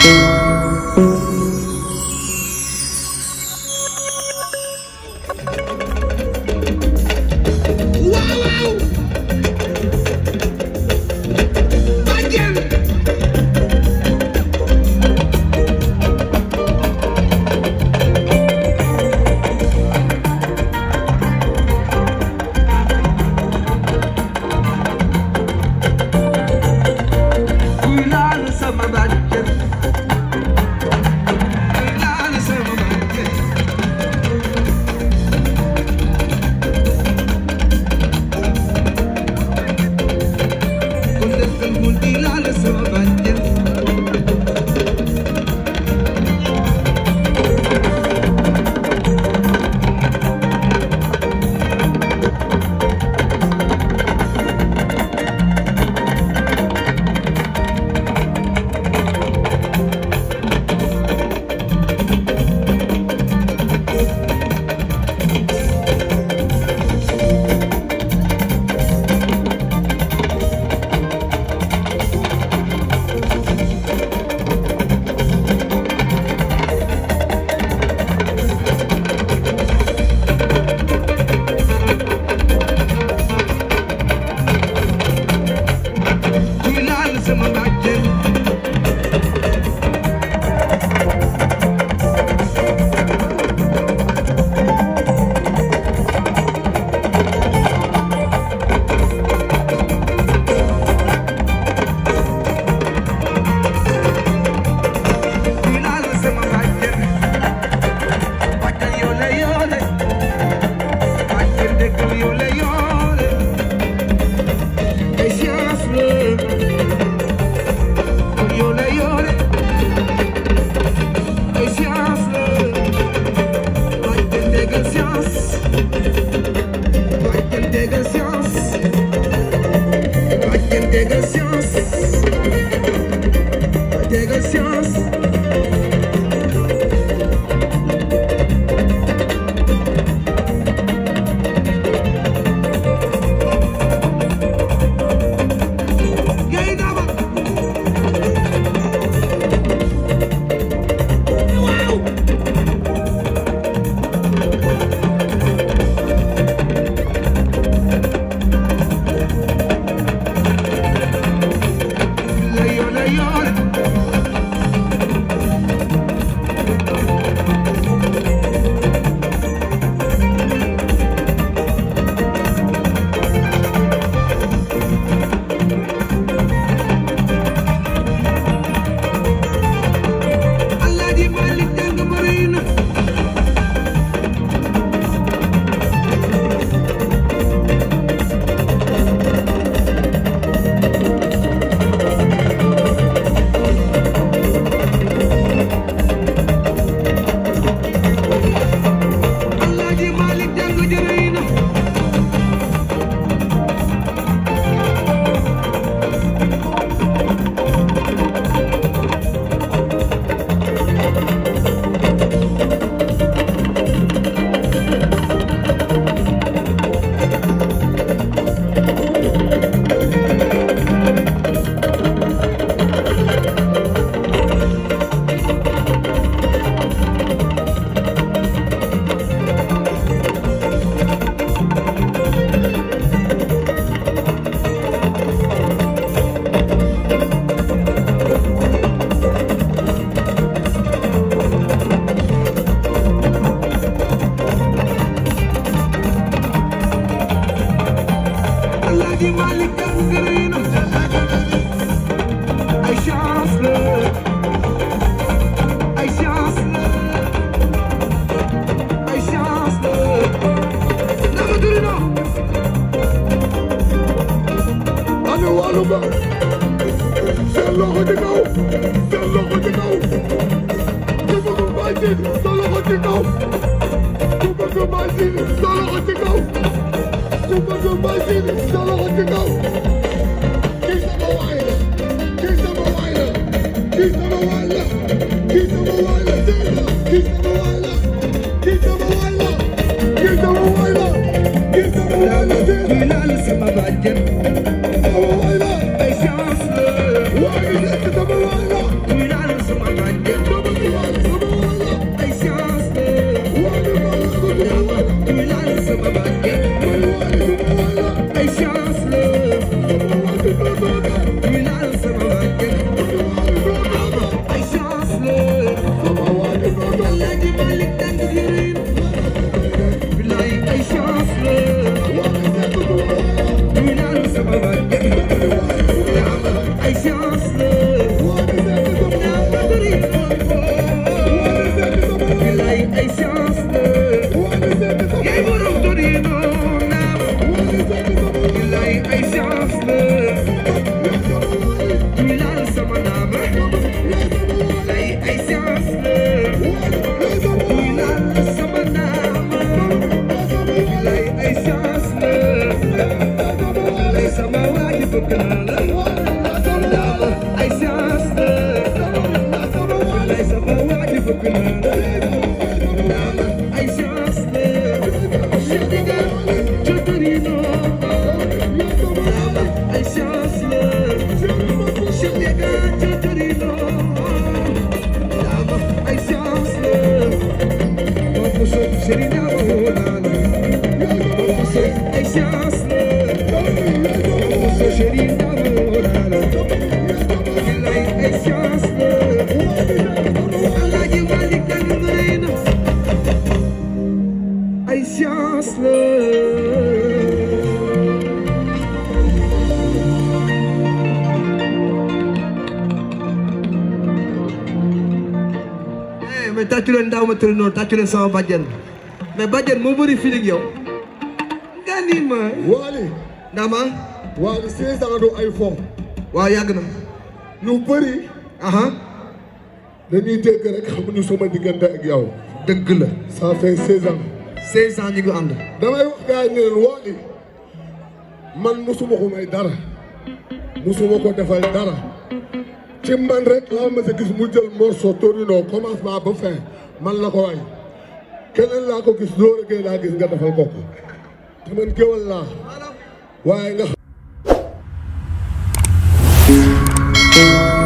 thank you thank you Solo sa loxo ci kaw. Solo sa loxo ci kaw. la la tàccu leen daaw ma tëri noonu tàccu sama bàjjen mais bàjjen moo bëri fii ak yow nga ni ma waali ndaa ma waali ay fo waaw yàgg na ñu bëri aha dañuy dégg rek xamuñu sama diggante ak yow dëgg la ça fait seize ans seize ans ànd damay wax gars yi man musuma ko may dara musuma ko defal dara ci man rek laa ma sa gis mu jël morceau Torino commencement ba fin man la ko waay laa ko gis Doro Gaye laa gis nga defal ko ko te man géwal laa waaye nga